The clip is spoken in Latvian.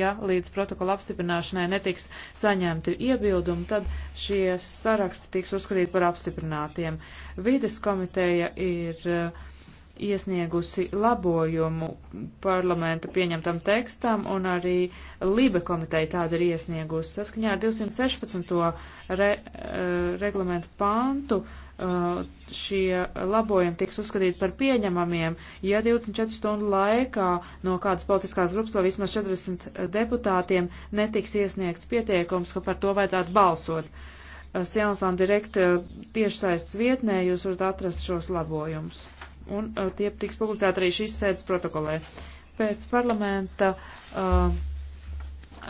Ja līdz protokola apstiprināšanai netiks saņemti iebildumi, tad šie saraksti tiks uzskatīti par apstiprinātiem. Vides komiteja ir eh, iesniegusi labojumu parlamenta pieņemtam tekstam, un arī Lībe komiteja tādu ir iesniegusi. Saskaņā ar 216. Re, eh, reglamentu pantu eh, šie labojumi tiks uzskatīti par pieņemamiem, ja 24 stundu laikā no kādas politiskās grupas vai vismaz 40 deputātiem netiks iesniegts pieteikums, ka par to vajadzētu balsot. Eh, Sjānsām direkt tiešsaistes vietnē jūs varat atrast šos labojumus un uh, tie tiks publicēti arī šīs sēdes protokolē. Pēc parlamenta uh,